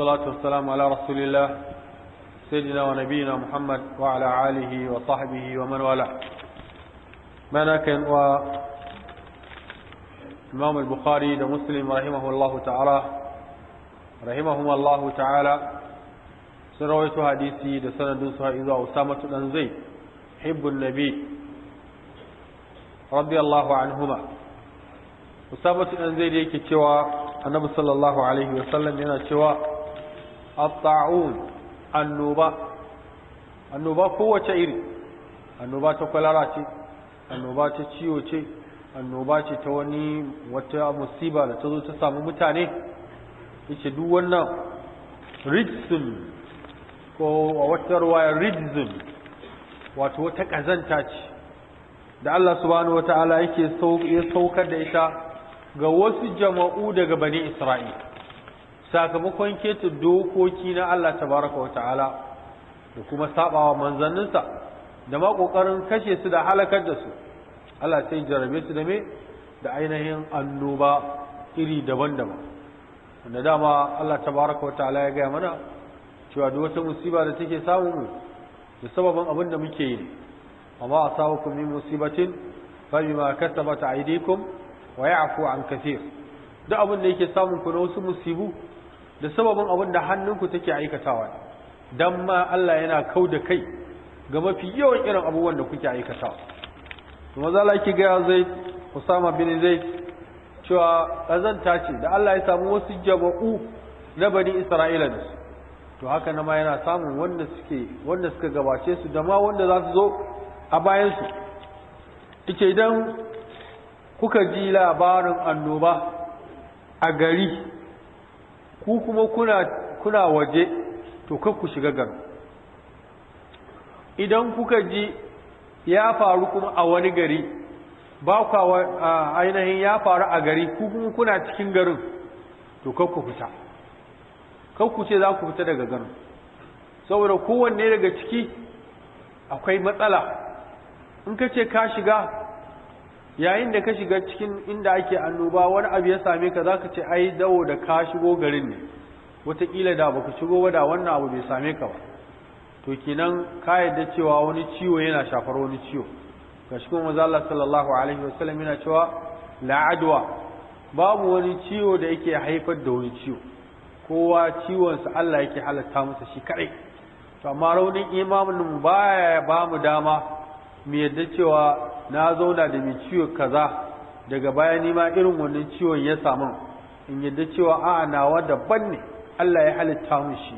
الصلاة والسلام على رسول الله سيدنا ونبينا محمد وعلى آله وصحبه ومن والاه مناكن و إمام البخاري ومسلم رحمه الله تعالى رحمهما الله تعالى سرويت حديثي ده سند لسند إذا أسامة بن زيد حب النبي رضي الله عنهما أسامة بن زيد يكي cewa annabi sallallahu alaihi wasallam yana cewa at-ta'ud annoba annoba kowace iri annoba ta kwalara ce annoba ta ciwo ce annoba ce ta wani wata musiba da ta zo ta samu mutane yace duk wannan rijsun ko a wata ruwaya rijsun wato wata kazanta ce da Allah subhanahu wataala yake ya saukar da ita ga wasu jama'u daga bani Isra'ila sakamakon keta dokoki na Allah tabaraka wa ta'ala da kuma sabawa manzanninsa da ma kokarin kashe su da halakar da su Allah sai jarabe su da me da ainihin annoba iri daban-daban wanda dama Allah tabaraka wa ta'ala ya gaya mana cewa duk wata musiba da take samun mu da sababin abin da muke yi amma a kun min musibatin fa bima kasabat aydikum wa ya'fu an kathir duk abin da yake samun ku na wasu musibu da sababin abin da hannunku take aikatawa don ma Allah yana kau da kai ga mafi yawan irin abubuwan da kuke aikatawa maza Allah ke gaya zai Usama bin zai cewa ƙazanta ce da Allah ya samu wasu jaba'u na bani Isra'ila da su to haka na ma yana samun wanda suke wanda suka gabace su da ma wanda za su zo a bayansu. Ike idan kuka ji labarin annoba a gari ku kuma kuna kuna waje to kar ku shiga garin? idan kuka ji ya faru kuma a wani gari ba ku ainihin ya faru a gari ku kuma kuna cikin garin to kar ku fita kar ku ce za ku fita daga garin saboda kowanne daga ciki akwai matsala in ka ce ka shiga yayin da ka shiga cikin inda ake annoba wani abu ya same ka za ka ce ai dawo da ka shigo garin ne wataƙila da baka shigo ba da wannan abu bai same ka ba to kenan ka yadda cewa wani ciwo yana shafar wani ciwo ga shi kuma Allah sallallahu alaihi wasallam yana cewa la babu wani ciwo da yake haifar da wani ciwo kowa ciwon sa Allah yake halatta masa shi kaɗai. to amma raunin imamin mu baya ba mu dama mu yadda cewa na zauna da mai ciwo kaza daga baya nima irin wannan ciwon ya samu in yadda cewa a'a nawa daban ne Allah ya halitta mun shi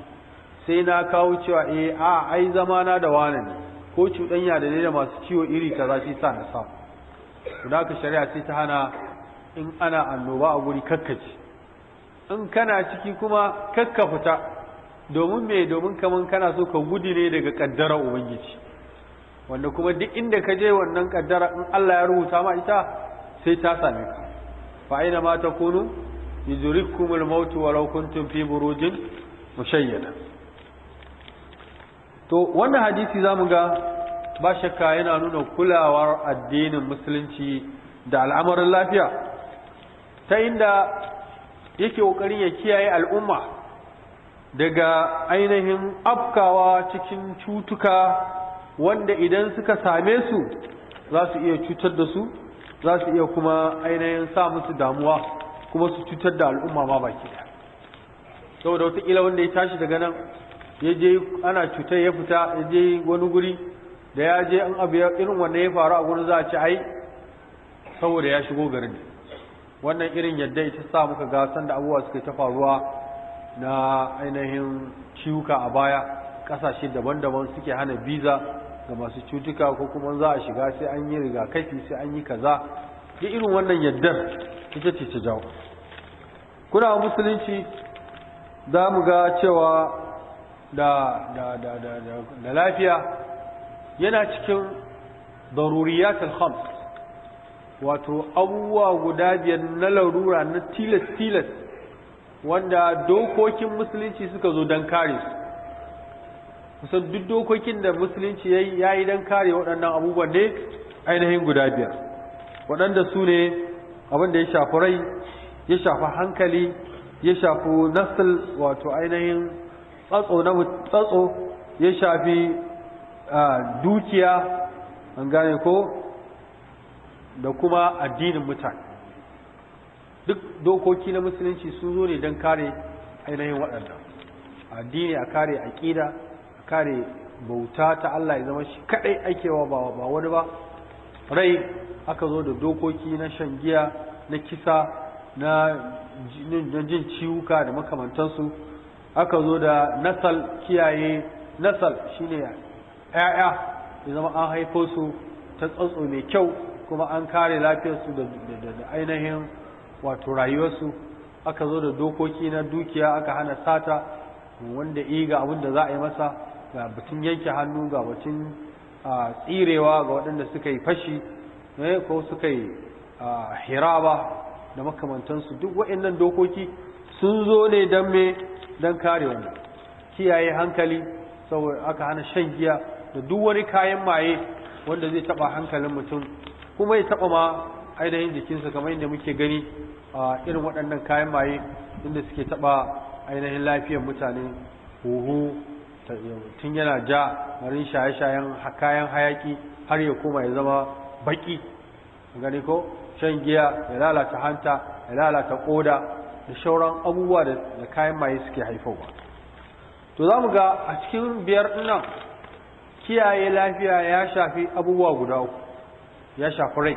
sai na kawo cewa eh a ai zama na da wani ne ko cuɗanya da ne da masu ciwo iri kaza shi sa na samu to da shari'a sai ta hana in ana annoba a guri kakkaci in kana ciki kuma kakka fita domin me domin kaman kana so ka gudu ne daga kaddara ubangiji wanda kuma duk inda ka je wannan kaddara in Allah ya rubuta ma ita sai ta same ka fa aina ma takunu yudrikumul maut walau kuntum fi burujin mushayyada to wannan hadisi zamu ga ba shakka yana nuna kulawar addinin musulunci da al'amarin lafiya ta inda yake kokarin ya kiyaye al'umma daga ainihin afkawa cikin cutuka wanda idan suka same su za su iya cutar da su za su iya kuma ainihin sa musu damuwa kuma su cutar da al'umma ma baki ɗaya saboda wataƙila wanda ya tashi daga nan ya je ana cutar ya fita ya je wani guri da ya je an abu irin wanda ya faru a gurin za a ci ai saboda ya shigo garin wannan irin yadda ita sa muka ga da abubuwa suka ta faruwa na ainihin ciwuka a baya ƙasashe daban-daban suke hana biza ga masu cutuka ko kuma za a shiga sai an yi rigakafi sai an yi kaza duk irin wannan yaddar ita ce ta jawo kuna musulunci za mu ga cewa da lafiya yana cikin daruriyat al-khams wato abubuwa guda biyar na larura na tilas tilas wanda dokokin musulunci suka zo don kare su kusan duk dokokin da musulunci ya yi dan kare waɗannan abubuwan ne ainihin guda biyar waɗanda su ne abin da ya shafi rai ya shafi hankali ya shafi nasil wato ainihin tsatso na tsatso ya shafi dukiya an gane ko da kuma addinin mutane duk dokoki na musulunci sun zo ne don kare ainihin waɗanda addini a kare aƙida kare bauta ta Allah ya zama shi kadai aikewa ba ba wani ba rai aka zo da dokoki na shan giya na kisa na jin ciwuka da makamantansu aka zo da nasal kiyaye nasal shine ya'ya ya zama an haifo su ta tsantso mai kyau kuma an kare lafiyarsu da ainihin wato rayuwarsu aka zo da dokoki na dukiya aka hana sata wanda iya ga abin da za a yi masa ga batun yanke hannu ga batun tsirewa ga waɗanda suka yi fashi eh, ko suka yi hiraba da makamantansu duk waɗannan dokoki sun zo ne don me don kare wani. kiyaye hankali saboda aka hana shan giya da duk wani kayan maye wanda zai taɓa hankalin mutum kuma ya taɓa ma ainihin jikinsa kamar yadda muke gani a irin waɗannan kayan maye inda suke taɓa ainihin lafiyar mutane huhu tun yana ja marin shaye-shayen kayan hayaki har ya koma ya zama baki gani ko shan giya ya lalata hanta ya lalata koda da shauran abubuwa da kayan maye suke haifarwa to za mu ga a cikin biyar nan kiyaye lafiya ya shafi abubuwa guda uku ya shafi rai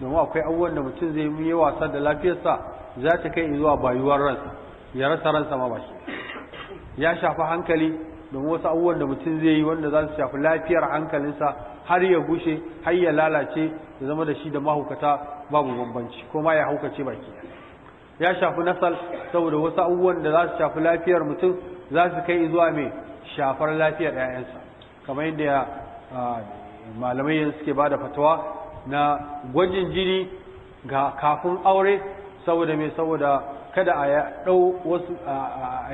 domin akwai abubuwan da mutum zai yi wasa da lafiyarsa za ta kai zuwa bayuwar ransa ya rasa ransa ma ba shi ya shafi hankali domin wasu abubuwan da mutum zai yi wanda za su shafi lafiyar hankalinsa har ya gushe har ya lalace ya zama da shi da mahaukata babu bambanci ko ma ya haukace baki ya shafi nasal saboda wasu abubuwan da za su shafi lafiyar mutum za su kai zuwa mai shafar lafiyar 'ya'yansa kamar yadda ah, malamai yanzu suke ba da fatawa na gwajin jini ga kafin aure saboda mai saboda kada a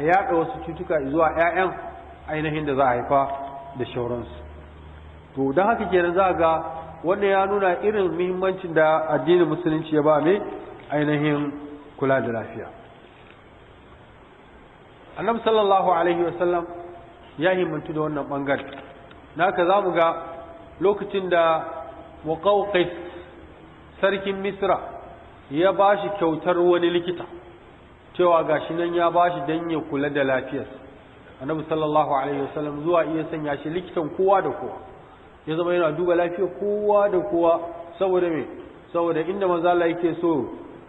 yaɗa wasu cutuka zuwa 'ya'yan ainihin da za a haifa da shauransu to don haka kenan za ga wannan ya nuna irin muhimmancin da addinin musulunci ya ba mai ainihin kula da lafiya annabi sallallahu alaihi wasallam ya himmantu da wannan bangare naka za mu ga lokacin da waƙauƙai sarkin misra ya ba shi kyautar wani likita cewa gashi nan ya ba shi don ya kula da lafiyarsa annabi sallallahu alaihi wasallam zuwa iya sanya shi likitan kowa da kowa ya zama yana duba lafiyar kowa da kowa saboda me saboda inda manzo Allah yake so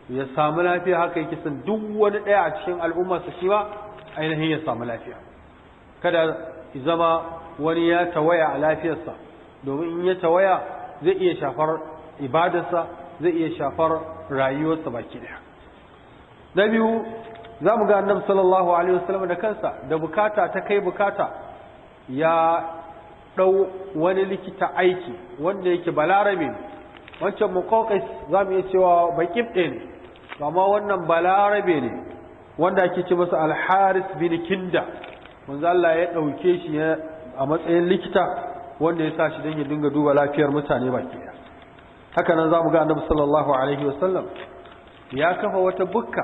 ya samu lafiya haka yake san duk wani daya a cikin al'umma su shi ba ainihin ya samu lafiya kada zama wani ya tawaya a lafiyarsa domin in ya tawaya zai iya shafar ibadarsa zai iya shafar rayuwarsa baki daya na biyu za mu ga annabi sallallahu alaihi wasallam da kansa da bukata ta kai bukata ya ɗau wani likita aiki wanda yake balarami wancan muqawqis za mu iya cewa baqib din amma wannan balarabe ne wanda ake ci masa al-haris bin kinda manzo Allah ya ɗauke shi a matsayin likita wanda ya sa shi dan ya dinga duba lafiyar mutane baki haka nan za mu ga annabi sallallahu alaihi wasallam ya kafa wata bukka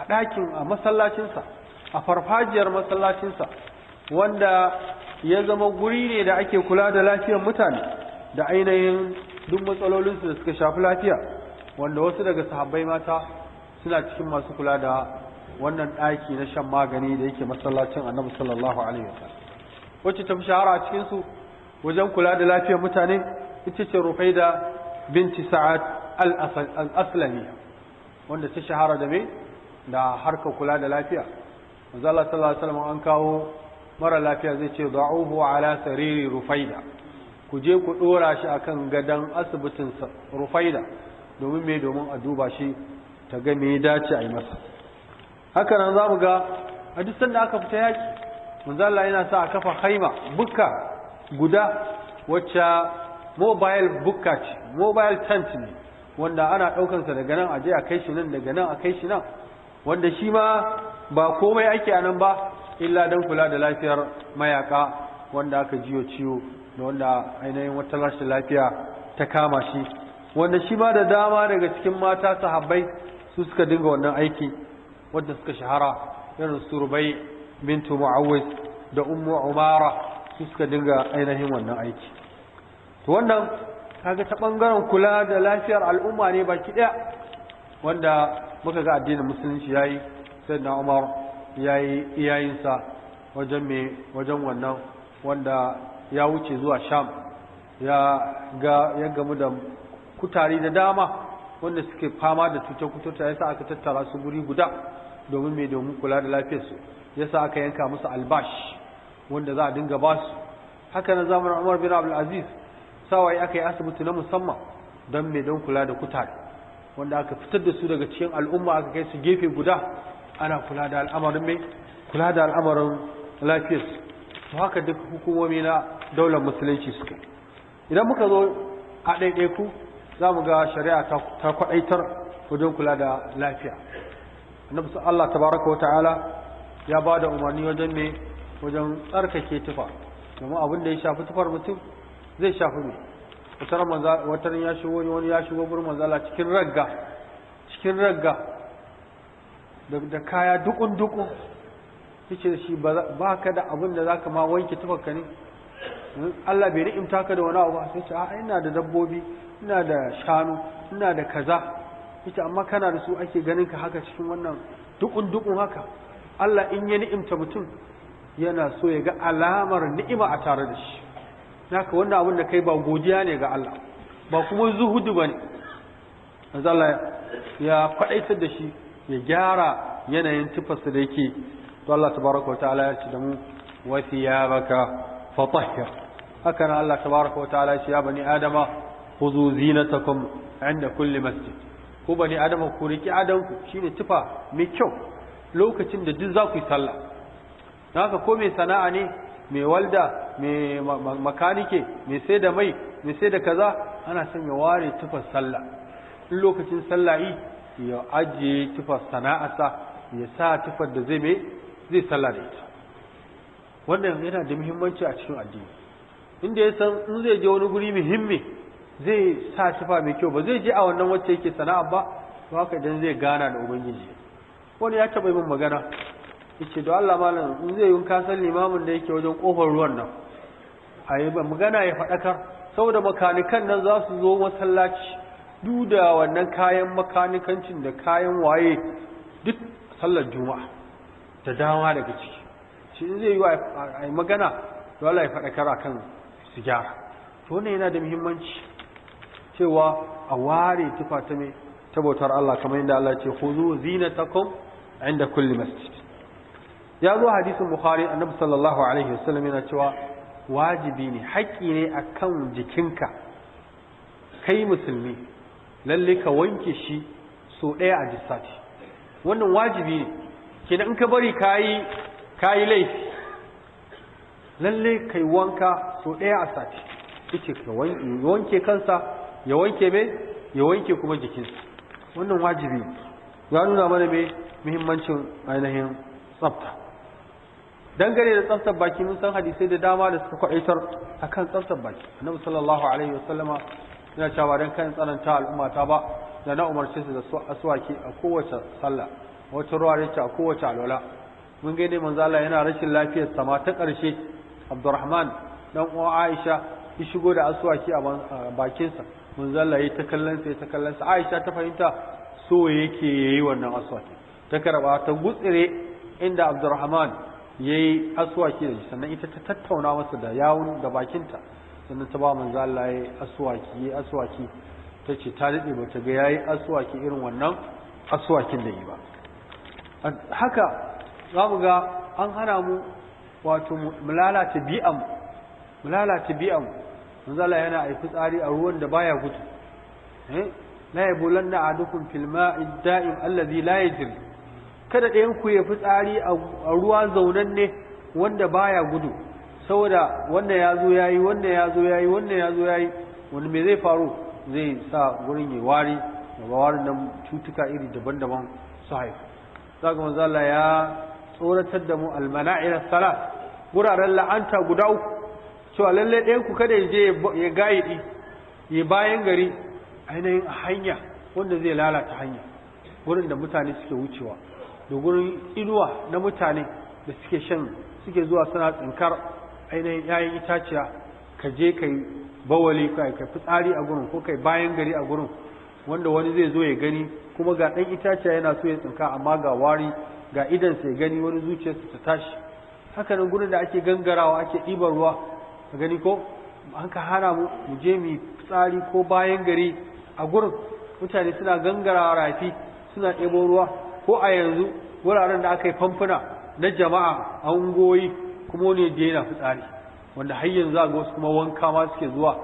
a ɗakin a masallacinsa a farfajiyar masallacinsa wanda ya zama guri ne da ake kula da lafiyar mutane da ainihin duk matsalolinsu da suka shafi lafiya wanda wasu daga sahabbai mata suna cikin masu kula da wannan ɗaki na shan magani da yake masallacin annabi sallallahu alaihi wasallam wacce ta shahara a cikin su wajen kula da lafiyar mutane ita ce Rufaida binti Sa'ad al-Aslami wanda ta shahara da me da harka kula da lafiya manzo Allah sallallahu alaihi an kawo mara lafiya zai ce da'uhu ala sariri rufaida ku je ku dora shi akan gadan asibitin rufaida domin me domin a duba shi ta ga me dace a yi masa haka nan za mu ga a duk sanda aka fita yaki manzo yana sa a kafa haima bukka guda wacce mobile bukka ce mobile tent ne wanda ana ɗaukansa daga nan a je a kai shi nan daga nan a kai shi nan wanda shi ma ba komai ake anan ba illa don kula da lafiyar mayaka wanda aka jiyo ciwo da wanda ainihin wata rashin lafiya ta kama shi wanda shi ma da dama daga cikin mata sahabbai su suka dinga wannan aiki wanda suka shahara irin surbai bintu mu'awis da ummu umara su suka dinga ainihin wannan aiki to wannan kaga ta ɓangaren kula da lafiyar al'umma ne baki ɗaya. wanda muka ga addinin musulunci yayi sai da umar yayi iyayensa wajen me wajen wannan wanda ya wuce zuwa sham ya ga ya gamu da kutare da dama wanda suke fama da cutar kuturta yasa aka tattara su guri guda domin me domin kula da lafiyar lafiyarsu yasa aka yanka musu albash wanda za a dinga ba su haka na zamanin umar bin abdul aziz sawai aka yi asibiti na musamman don me don kula da kutare wanda aka fitar da su daga cikin al'umma aka kai su gefe guda ana kula da al'amarin mai kula da al'amarin lafiyar su haka duk hukumomi na daular musulunci suke idan muka zo a ɗaiɗaiku za mu ga shari'a ta kwaɗaitar wajen kula da lafiya Na musu Allah Ta baraka wa ta'ala ya ba da umarni wajen ne wajen tsarkake tufa domin abin da ya shafi tufar mutum zai shafi wutar manza wutar ya shigo wani ya shigo gurin manzala cikin ragga cikin ragga da kaya dukun dukun yace da shi ba ka da abin da zaka ma wanke tufarka ne Allah bai ni'imta ka da wani abu ba sai ce a ina da dabbobi ina da shanu ina da kaza yace amma kana da su ake ganin ka haka cikin wannan dukun dukun haka Allah in ya ni'imta mutum yana so ya ga alamar ni'ima a tare da shi naka wannan abin da kai ba godiya ne ga Allah ba kuma zuhudu bane manzo Allah ya kwadaitar da shi ya gyara yanayin tufarsa da yake to Allah tabaraka wataala ya ce da mu wa thiyabaka fatahhir haka nan Allah tabaraka wataala ya ce ya bani adama khudhu zinatakum inda kulli masjid ko bani adama ku riki adanku shine tufa mai kyau lokacin da duk za ku yi sallah haka ko mai sana'a ne mai walda mai makanike mai sai da mai mai sai da kaza ana son ya ware tufar sallah in lokacin sallah yi ya ajiye tufar sana'arsa ya sa tufar da zai mai zai sallah da ita wannan yana da muhimmanci a cikin addini inda ya san in zai je wani guri muhimmi zai sa tufa mai kyau ba zai je a wannan wacce yake sana'a ba ba ka idan zai gana da ubangiji wani ya taɓa yi min magana yace don Allah malam in zai yi ka san limamin da yake wajen kofar ruwan nan ayi ba magana ya faɗaka saboda makanikan nan za su zo masallaci duda wannan kayan makanikancin da kayan waye duk sallar juma'a da dama daga ciki shi in zai yi a magana to Allah ya faɗakar a kan su gyara to ne yana da muhimmanci cewa a ware tufa ta mai tabautar Allah kamar yadda Allah ce huzu zinatakum inda kulli masjid ya zo hadisin bukhari annabi sallallahu alaihi wasallam yana cewa wajibi ne haƙƙi ne akan jikinka kai musulmi lalle ka wanke shi so ɗaya a jisati wannan wajibi ne kenan in ka bari kayi kayi laifi lalle kai wanka so ɗaya a sati yace ka wanke kansa ya wanke mai ya wanke kuma jikinsa wannan wajibi ya nuna mana mai muhimmancin ainihin tsafta dangane da tsaftar baki mun san hadisai da dama da suka kwaitar akan tsaftar baki annabi sallallahu alaihi wasallama yana cewa dan kan tsananta al'umma ta ba da na umarce su da aswaki a kowace sallah wata ruwa ce a kowace alwala mun ga ne manzo Allah yana rashin lafiyar sama ta karshe Abdurrahman dan uwa Aisha ya shigo da aswaki a bakinsa manzo Allah ta kallon sa ta kallon sa Aisha ta fahimta so yake yayi wannan aswaki ta karba ta gutsire inda Abdurrahman ya yi da shi sannan ita ta tattauna masa da yawun da bakinta sannan ta ba manzo Allah ya yi aswaki ya aswaki ta ce ta daɗe ba ta ga ya yi aswaki irin wannan aswakin da yi ba haka za mu ga an hana mu wato mu lalata bi'an mu lalata bi'an manzo Allah yana aiki tsari a ruwan da baya gudu eh? la yabulanna adukum fil ma'i da'im alladhi la yajri kada ɗayan ku ya tsari a ruwa zaunanne wanda baya gudu saboda wannan ya zo ya yi, wannan ya zo ya yi, wannan ya zo ya yi, wani me zai faru zai sa wurin ya wari ba warin nan cutuka iri daban-daban su haifu za ga ya tsoratar da mu almana'ir salat wuraren la'anta guda uku cewa lalle ɗayan ku kada ya je ya gayidi ya bayan gari ainihin hanya wanda zai lalata hanya wurin da mutane suke wucewa da gurin inuwa na mutane da suke shan suke zuwa suna tsinkar ainihin yayin itaciya ka je ka yi bawali ka fitsari a gurin ko kai bayan gari a gurin wanda wani zai zo ya gani kuma ga ɗan itaciya yana so ya tsinka amma ga wari ga idan sai gani wani zuciyarsa ta tashi haka nan gurin da ake gangarawa ake ɗiban ruwa ka gani ko an ka hana mu mu je mu fitsari ko bayan gari a gurin mutane suna gangarawa rafi suna ɗebo ruwa ko a yanzu wuraren da aka yi famfuna na jama'a a ungoyi kuma wani da yana fitsari wanda har yanzu a wasu kuma wanka ma suke zuwa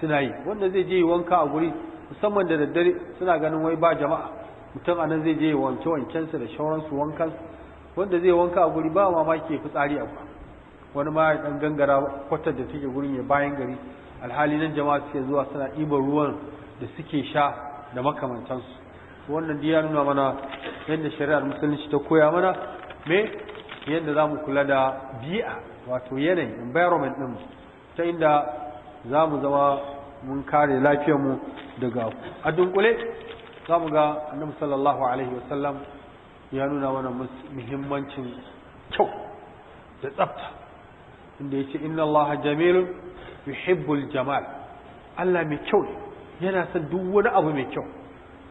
suna yi wanda zai je yi wanka a guri musamman da daddare suna ganin wai ba jama'a mutum a nan zai je yi wanke wankensa da shauransu wankan wanda zai wanka a guri ba mamaki ya fitsari a wani ma ya dan gangara kwatar da take gurin ya bayan gari alhali nan jama'a suke zuwa suna ɗiban ruwan da suke sha da makamantansu wannan diyar nuna mana yadda shari'ar musulunci ta koya mana me yadda za mu kula da bi'a wato yanayi environment ɗin ta inda za mu zama mun kare lafiyarmu daga a dunkule za mu ga annabi sallallahu alaihi wasallam ya nuna mana muhimmancin kyau da tsafta inda ya ce inna Allah jamilun yuhibbul jamal Allah mai kyau yana son duk wani abu mai kyau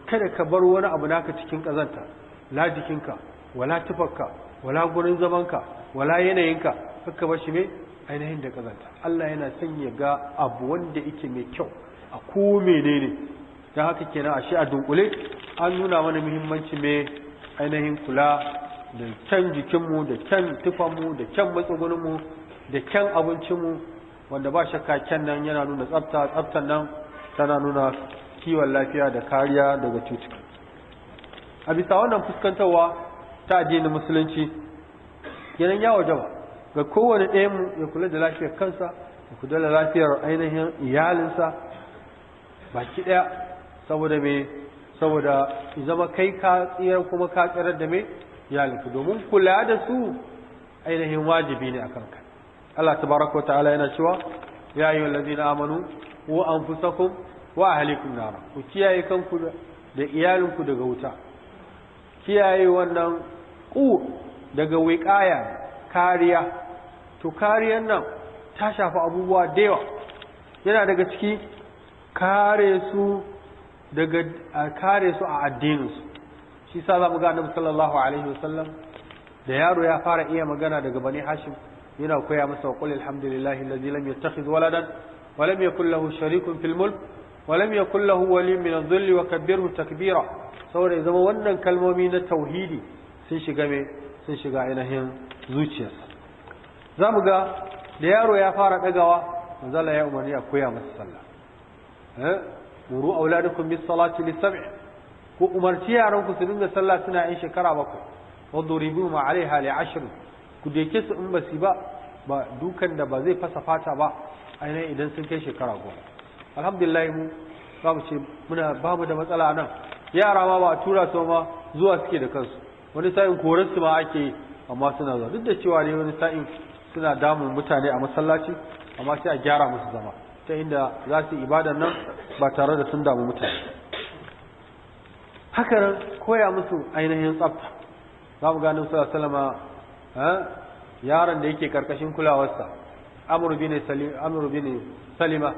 kada ka bar wani abu naka cikin ƙazanta la jikinka wala tufarka wala gurin zaman ka, wala yanayinka ka, bar shi me ainihin da kazanta Allah yana son ya ga abu wanda yake mai kyau a ko menene don haka kenan a shi a dunkule an nuna mana muhimmanci mai ainihin kula da can jikinmu da can tufanmu da can matsugunmu da can abincinmu wanda ba shakka can nan yana nuna tsafta tsaftan nan tana nuna kiwon lafiya da kariya daga cutuka a bisa wannan fuskantarwa ta addinin musulunci yanayin ya wajaba ga kowane ɗaya mu ya kula da lafiyar kansa ya kula da lafiyar ainihin iyalinsa baki ɗaya saboda me saboda zama kai ka tsira kuma ka tsirar da me iyalinka domin kula da su ainihin wajibi ne a kanka Allah baraka wa ta'ala yana cewa ya yi na amanu wa anfusakum wa ahlikum nara ku kiyaye kanku da iyalinku daga wuta kiyaye wannan ƙu daga wiƙaya kariya to kariyan nan ta shafi abubuwa da yana daga ciki kare su daga kare su a addininsu shi sa za mu ga annabi sallallahu alaihi wasallam da yaro ya fara iya magana daga bani hashim yana koya masa wa kulli alhamdulillahi allazi lam yattakhidh waladan wa lam yakul lahu sharikun fil mulk wa lam yakul lahu waliyyun min adh-dhilli wa kabbirhu takbira saboda zama wannan kalmomi na tauhidi sun shiga me sun shiga ainihin zuciyarsa za mu ga da yaro ya fara ɗagawa manzala ya umarni a koya masa sallah a eh, muru auladukum bis salati lis sab'i ku umarci yaran ku su dinga sallah suna 'yan shekara bakwai wadribu ma alaiha li ashr ku deke su in basu ba ba dukan da ba zai fasa fata ba ainihin idan sun kai shekara goma alhamdulillah mu za mu ce muna ba mu da matsala nan yara ma ba a tura su ma zuwa suke da kansu wani sa'in korar su ma ake amma suna zuwa duk da cewa ne wani sa'in suna damun mutane a masallaci amma sai a gyara musu zama ta inda za su ibadan nan ba tare da sun damu mutane haka nan koya musu ainihin tsafta za mu gani su salama yaron da yake karkashin kulawarsa amur bin salima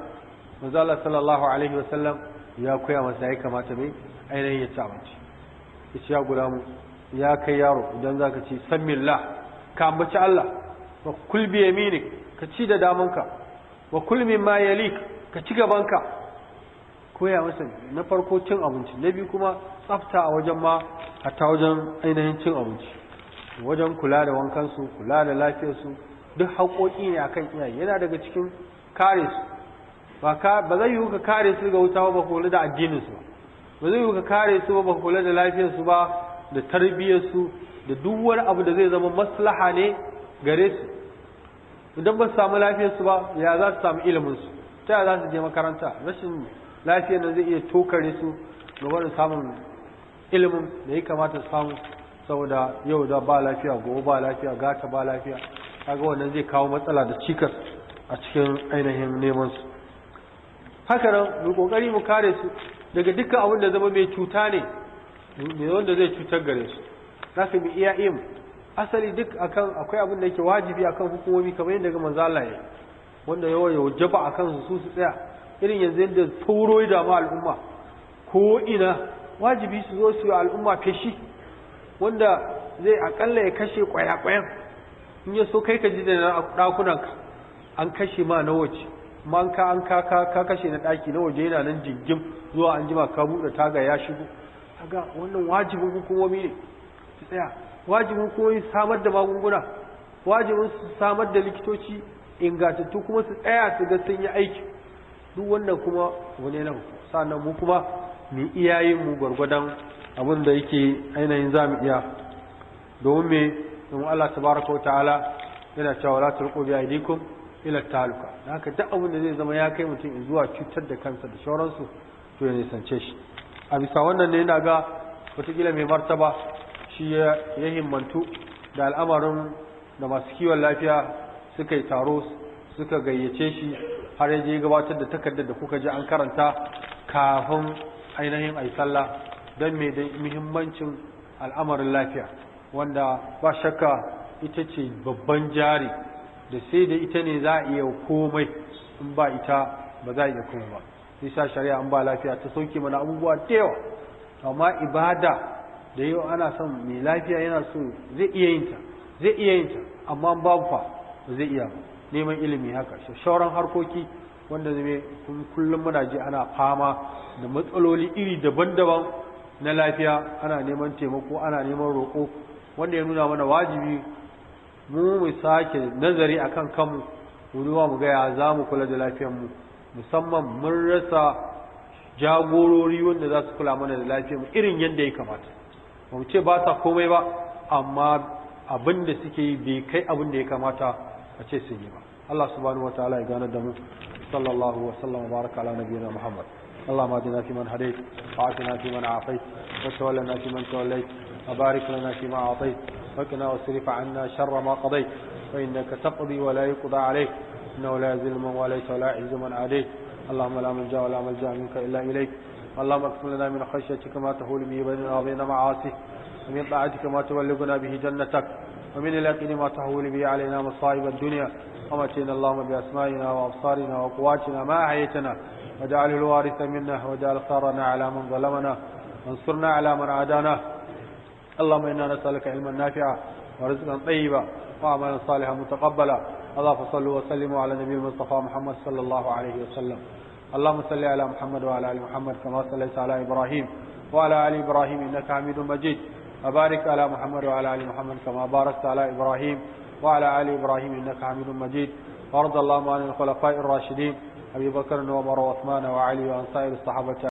manzo sallallahu alaihi wasallam ya koya masa ya kamata mai ainihin ya ci abinci ya ci ya guda mu ya kai yaro idan za ka ci sammillah ka ambaci Allah wa kulbi ya mini ka ci da damanka wa kulmi ma ma yalik ka ci gabanka koya masa na farko cin abinci na biyu kuma tsafta a wajen ma hatta wajen ainihin cin abinci wajen kula da wankansu kula da lafiyarsu duk haƙoƙi ne akan iyaye yana daga cikin kare su ba zai yiwu ka kare su ga wuta ba kula da addininsu ba ba zai yiwu ka kare su ba kula da lafiyarsu ba da su da duk wani abu da zai zama maslaha ne gare su idan ba su samu lafiyarsu ba ya za su samu iliminsu ta ya za su je makaranta rashin lafiyar nan zai iya tokare su ga wani samun ilimin da ya kamata su samu saboda yau da ba lafiya gobe ba lafiya gata ba lafiya kaga wannan zai kawo matsala da cikas a cikin ainihin neman su haka nan mu kokari mu kare su daga dukkan abin da zama mai cuta ne mai wanda zai cutar gare su za su bi iya im asali duk akan akwai abin da yake wajibi akan hukumomi kamar yadda ga manzo Allah ya wanda yawa ya wajaba akan su su tsaya irin yanzu yadda sauro da ma al'umma ko ina wajibi su zo su al'umma feshi wanda zai akalla ya kashe kwaya-kwayan in ya so kai ka ji da na ɗakunanka an kashe ma na wace man ka an ka kashe na ɗaki na waje yana nan jingim zuwa an jima ka buɗe taga ya shigo kaga wannan wajibin hukumomi ne su tsaya wajibin koyi samar da magunguna wajibin su samar da likitoci ingantattu kuma su tsaya su ga sun yi aiki duk wannan kuma wani nan sannan mu kuma mu iyayen mu gwargwadon abin da yake ainihin za mu iya domin me domin Allah tabaraka Wata'ala, yana cewa la tulqu bi aidikum ila taluka haka duk abin da zai zama ya kai mutum in zuwa cutar da kansa da shauransu to ya nisance shi a bisa wannan ne yana ga watakila mai martaba shi ya himmantu da al'amarin da masu kiwon lafiya suka yi taro suka gayyace shi har ya gabatar da takardar da kuka ji an karanta kafin ainihin yi sallah don mai da muhimmancin al'amarin lafiya wanda ba shakka ita ce babban jari da sai da ita ne za a iya komai in ba ita ba za a iya komai ba sai sa shari'a an ba lafiya ta sauke mana abubuwa da yawa amma ibada da yau ana son mai lafiya yana so zai iya yin ta zai iya yin ta amma babu fa ba zai iya neman ilimi haka shauran harkoki wanda zai kullum muna ji ana fama da matsaloli iri daban-daban na lafiya ana neman taimako ana neman roƙo wanda ya nuna mana wajibi mu mu sake nazari akan kanmu ruwa mu gaya za mu kula da mu, musamman mun rasa jagorori wanda za su kula mana da mu irin yadda ya kamata ba mu ce ba ta komai ba amma abin da suke yi bai kai abin da ya kamata a ce sun yi ba Allah subhanahu ta'ala ya gane da mu sallallahu wa sallam baraka ala nabiyina muhammad اللهم اهدنا فيمن هديت وعافنا فيمن عافيت وتولنا فيمن توليت وبارك لنا فيما اعطيت وفقنا وصرف عنا شر ما قضيت فإنك تقضي ولا يقضى عليك إنه لا يزل من وليس ولا يعز من عليك اللهم لا جاء ولا جاء منك إلا إليك اللهم اقسم لنا من خشيتك ما تهول به بيننا وبين معاصي ومن طاعتك ما تبلغنا به جنتك ومن اليقين ما تهول به علينا مصائب الدنيا ومتين اللهم بأسمائنا وأبصارنا وقواتنا ما أعيتنا وجعل الوارث منا وجعل ثارنا على من ظلمنا وانصرنا على من عادانا اللهم إنا نسألك علما نافعا ورزقا طيبا وعملا صالحا متقبلا اللهم صلوا وسلموا على نبي المصطفى محمد صلى الله عليه وسلم اللهم صل على محمد وعلى آل محمد كما صليت على إبراهيم وعلى آل إبراهيم إنك حميد مجيد وبارك على محمد وعلى آل محمد كما باركت على إبراهيم وعلى آل إبراهيم إنك حميد مجيد وارض اللهم عن الخلفاء الراشدين أبي بكر وعمر وعثمان وعلي وأنصار الصحابة